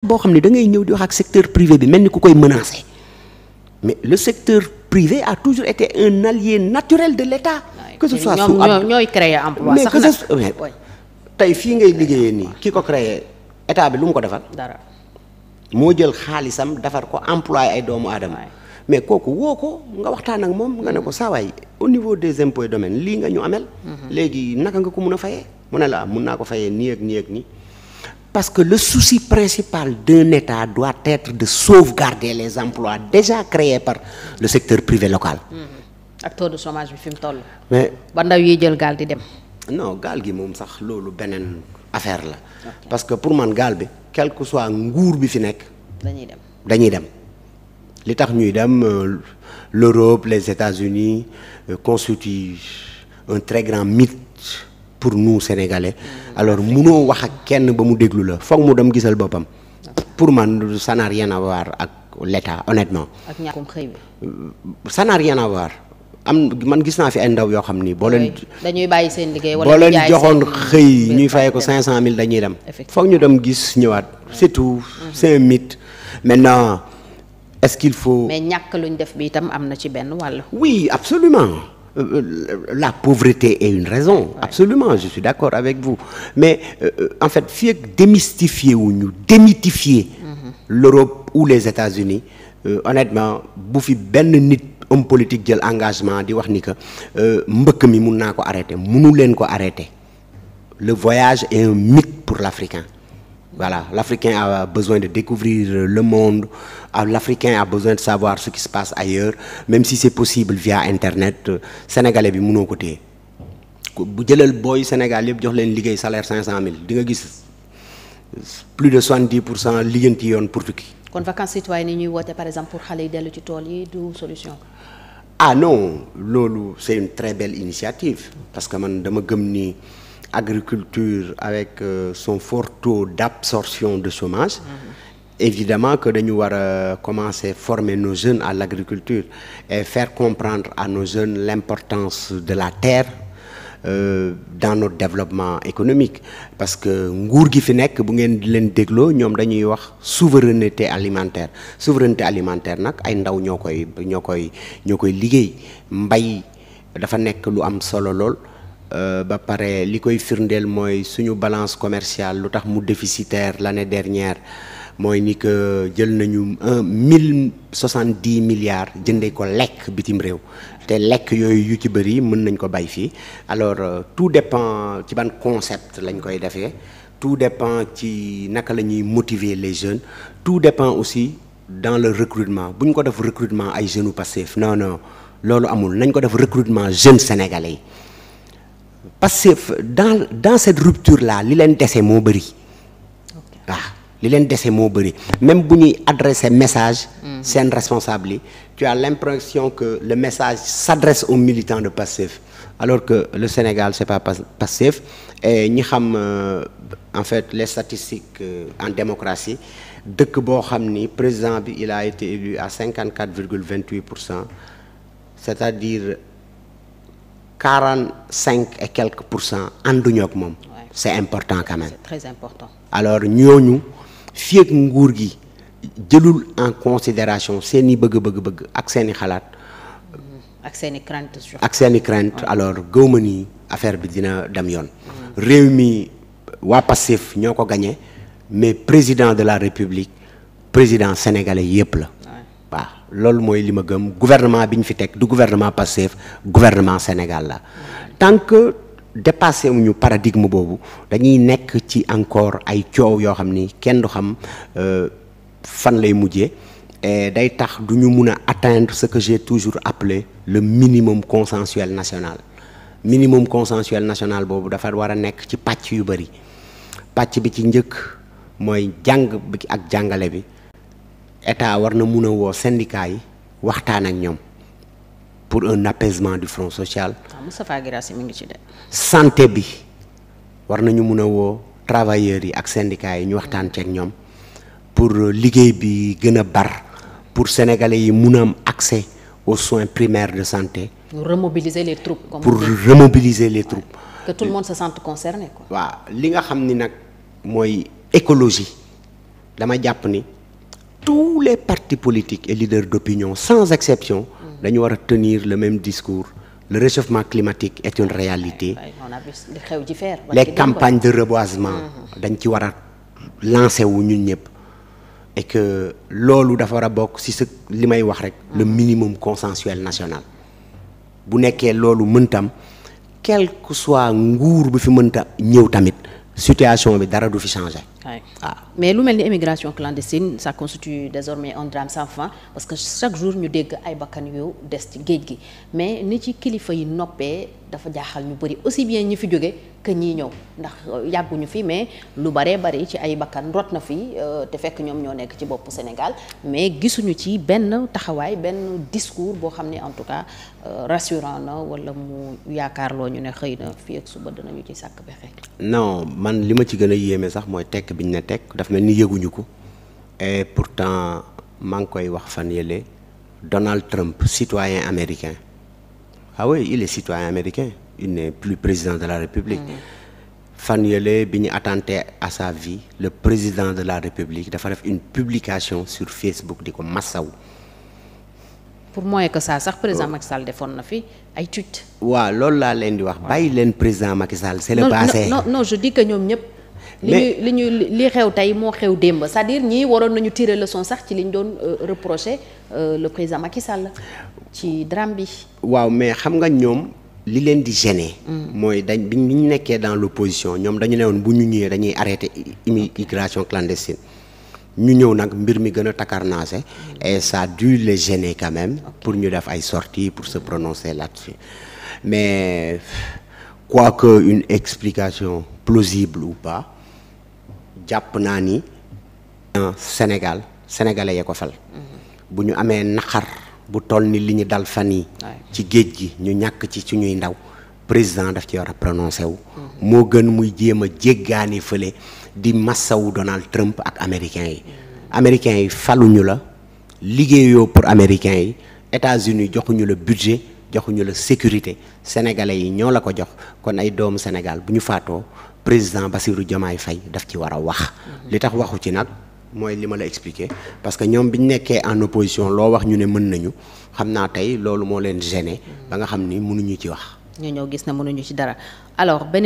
boo xam ne dangay ñëw di wax ak secteur privé bi mel ni ku koy menacer mais le secteur privé a toujours été un allié naturel de l'État que ce soit sous ab ñooy créer emploi sax nag tey fii ngay liggéeyee nii ki ko créer état bi lu mu ko defal. dara moo jël xaalisam defar ko employé ay doomu aadama. mais kooku woo ko nga waxtaan ak moom nga ne ko saawaay au niveau des impôts et lii nga ñu amel. Mhm. léegi naka nga ko mun a fayee mu a la mun naa ko fayee nii ak nii ak nii. Parce que le souci principal d'un État doit être de sauvegarder les emplois déjà créés par le secteur privé local. Mm-hmm. ak taux de chômage bi fi mu toll. mais ba ndaw yiy jël gaal di dem. non gaal gi moom sax loolu beneen affaire la. parce que pour man gaal bi quel que soit nguur bi fi nekk. dañuy dem dañuy dem. li tax ñuy dem euh, l'Europe les États-Unis euh, constituent un très grand mythe. pour nous sénégalais mm. alors munoo wax ak kenn ba mu déglu la foog mu dem gisal boppam pour man ça n'a rien à voir ak l'état honnêtement. ak ñàkkum xëy bi. Euh, ça n'a am man gis naa fi ay ndaw yoo xam ni boo leen. dañuy bàyyi seen liggéey wala boo leen joxoon xëy ñuy fayee ko cent mille dañuy dem. foog ñu dem gis ñëwaat c'est tout mhm. c'est un mythe maintenant est-ce qu'il faut. mais ñàkk luñ def bi itam am na ci benn wàll. oui absolument Euh, euh, la pauvreté est une raison. Ouais. Absolument, je suis d'accord avec vous. Mais euh, en fait, fii démystifier wu ñu démythifier. Mm-hmm. l'Europe ou les États-Unis euh, honnêtement bu fi benn nit homme politique jël engagement di wax ni que mbëkk mi mun naa ko arrêter munu leen ko arrêter. le voyage est un mythe pour l'Africain. Voilà, l'Africain a besoin de découvrir le monde, ah, l'Africain a besoin de savoir ce qui se passe ailleurs, même si c'est possible via Internet, Sénégalais bi munoo ko téye bu jëlal booy Sénégal yëpp jox leen liggéey salaire cinq cent mille di nga gis plus de soixante-dix pour cent liggéenti yoon pour tukki. kon vacances citoyennes yi ñuy woote par exemple pour xale yi dellu ci tool yi du solution. ah non loolu c'est une très belle initiative parce que man dama gëm nii agriculture avec euh, son fort taux d'absorption de chômage évidemment que dañu war a commencer former nos jeunes à l'agriculture et faire comprendre à nos jeunes l'importance de la terre Euh, dans notre développement économique parce que nguur gi fi nekk bu ngeen leen dégloo ñoom dañuy wax souveraineté alimentaire souveraineté alimentaire nag ay ndaw ñoo koy ñoo koy ñoo koy liggéey mbay dafa nekk lu am solo lool Euh, ba pare li koy firndeel mooy suñu balance commerciale lu tax mu déficitaire l'année dernière mooy ni que jël nañu mille soixante dix milliards jëndee ko lekk bitim réew te lekk yooyu yu ci bëri mën nañ ko bay fii alors euh, tout dépend ci ban concept lañ koy defee tout dépend ci naka la ñuy motiver les jeunes tout dépend aussi dans le recrutement bu ñu ko def recrutement ay jeunes u Pastef non non loolu amul nañ ko def recrutement jeune sénégalais yi Pastef dans dans cette rupture la li leen dese moo bëri waaw li leen dese moo bëri même bu ñuy adresser message mm-hmm. seen responsable yi tu as l'impression que le message s'adresse aux militants de Pastef alors que le Sénégal c'est pas Pastef et ñi xam euh, en fait les statistiques euh, en démocratie dëkk boo xam ni président bi il a été élu à 54,28 pour cent c'est-à-dire quarante cinq et pour cent ànduñu ak moom. c' important quand même. très important. alors ñooñu fii nguur gi jëlul en considération seeni bëgg-bëgg-bëgg ak seeni xalaat. Mm. ak seeni crainte ak seeni crainte alors gëw ma ni affaire bi dina dem yoon. réew mi waa Pastef ñoo ko gagné mais président de la république président sénégalais yëpp la loolu mooy li ma gëm gouvernement bi ñu fi teg du gouvernement Pastef gouvernement Sénégal la tant que dépassé wuñu paradigme boobu dañuy nekk ci encore ay coow yoo xam ni kenn du xam euh, fan lay mujjee et day tax du ñu mun a atteindre ce que j'ai toujours appelé le minimum consensuel national minimum consensuel national boobu dafa war a nekk ci pàcc yu bëri pàcc bi ci njëkk mooy jàng bi ak jàngale bi état war na mun a woo syndicat yi waxtaan ak ñoom pour un apaisement du front social. waaw ah, santé bi war nañu mun a woo travailleurs yi ak syndicats yi ñu waxtaan ceeg ñoom pour liggéey bi gën a bar pour sénégalais yi mun a am accès aux soins primaires de santé. pour remobiliser les troupes. comme pour remobiliser les troupes. que tout le monde se sente concerné li nga xam ni nag mooy écologie dama jàpp ni. tous les partis politiques et leaders d'opinion sans exception dañu war a tenir le même discours le réchauffement climatique est une réalité les campagnes de reboisement mm-hmm. dañ ci war a lancer wu ñun ñëpp et que loolu dafa war a bokk ci sa li may wax rek le mm-hmm. minimum consensuel national bu nekkee loolu mëntam quel que soit nguur bu fi mënta ñëw tamit situation bi dara du fi changer waaw ah. mais lu mel ni immigration clandestine ça constitue désormais un drame san fin parce que chaque jour ñu dégg ay bakkan yu des ci géej gi mais ni ci kilifa yi noppee dafa jaaxal ñu bëri aussi bien ñu fi jóge que ñii ñëw ndax euh, yàgguñu fi mais lu baree bari ci ay bakkan rot na fi euh, te fekk ñoom ñoo nekk ci boppu Sénégal mais gisuñu ci benn taxawaay benn discours boo xam ne en tout cas euh, rassurant na wala mu yaakaarloo ñu ne xëy na fi ak suba dinañu ci sàkk pexe. non man li ma ci gën a yéeme sax mooy tekk biñ ne teg daf mel ni yëguñu ko et pourtant maa ngi koy wax fan yële Donald Trump citoyen américain. ah oui il est citoyen américain il n'est plus président de la République fan yële bi ñu attenté à sa vie le président de la République dafa def une publication sur Facebook di ko massaw pour moins que saa sax président oh. Macky Sall defoon na fi ay tweet waaw loolu laa leen di wax bàyyi leen président Macky Sall c'est le passé non non je dis que ñoom ñëpp mais li ñu li xew tey moo xew démb c'est-à-dire ñii waroon nañu tirer leçon sax ci li ñu doon euh, reprocher euh, le président Macky Sall ci drame bi. waaw mais xam nga ñoom li leen di gêner. Mm. mooy dañ bi ñu nekkee dans l'opposition ñoom dañu ne woon bu ñu ñëwee dañuy arrêter immigration clandestine. ñu ñëw nag mbir mi gën a takarnaase mm. et ça a dû les gêner quand même pour ñu def ay sorti pour se prononcer là-dessus mais quoique une explication plausible ou pas jàpp naa ni Sénégal sénégalais ya ko fal mhm. bu ñu amee naqar bu toll ni li ñu dal fan yi ci géej gi ñu ñàkk ci suñuy ndaw président daf ci war a prononcé wu mhm. moo gën muy jéem a jéggaani fële di massawu Donald Trump ak américains yi mhm. américains yi faluñu la liggéeyoo pour américains yi États-Unis joxuñu la budget joxuñu la sécurité sénégalais yi ñoo la ko jox kon ay doomu Sénégal bu ñu faatoo président Bassirou Diomaye Faye daf ci war a wax. Mm-hmm. li tax waxu ci nag mooy li ma la expliqué parce que ñoom bi ñu nekkee en opposition loo wax ñu ne mën nañu xam naa tey loolu moo leen gêné mm-hmm. ba nga xam ni mënuñu ci wax. ñu ñëw gis na mënuñu ci dara alors beneen